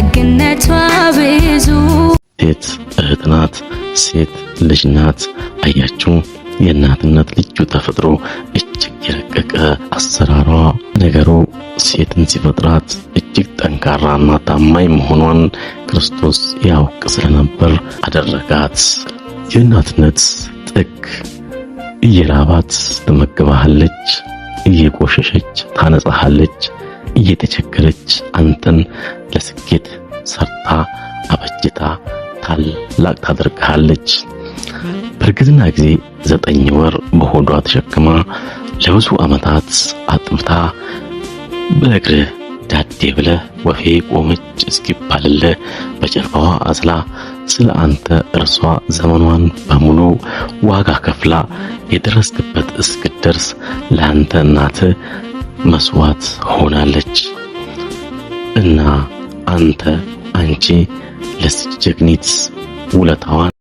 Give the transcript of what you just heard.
ደግነቷ ብዙ ሴት እህት ናት፣ ሴት ልጅ ናት። አያችሁ የእናትነት ልዩ ተፈጥሮ እጅግ የረቀቀ አሰራሯ ነገሩ ሴትን ሲፈጥራት እጅግ ጠንካራና ታማኝ መሆኗን ክርስቶስ ያውቅ ስለነበር አደረጋት። የእናትነት ጥግ እየራባት ትመግባሃለች፣ እየቆሸሸች ታነጻሃለች። እየተቸገረች አንተን ለስኬት ሰርታ አበጅታ ታላቅ ታደርግሃለች። በእርግዝና ጊዜ ዘጠኝ ወር በሆዷ ተሸክማ ለብዙ ዓመታት አጥምታ በእግርህ ዳዴ ብለህ ወፌ ቆመች እስኪባልልህ በጀርባዋ አዝላ ስለ አንተ እርሷ ዘመኗን በሙሉ ዋጋ ከፍላ የደረስክበት እስክደርስ ለአንተ እናትህ መስዋዕት ሆናለች እና አንተ አንቺ ለዚህ ጀግኒት ውለታዋን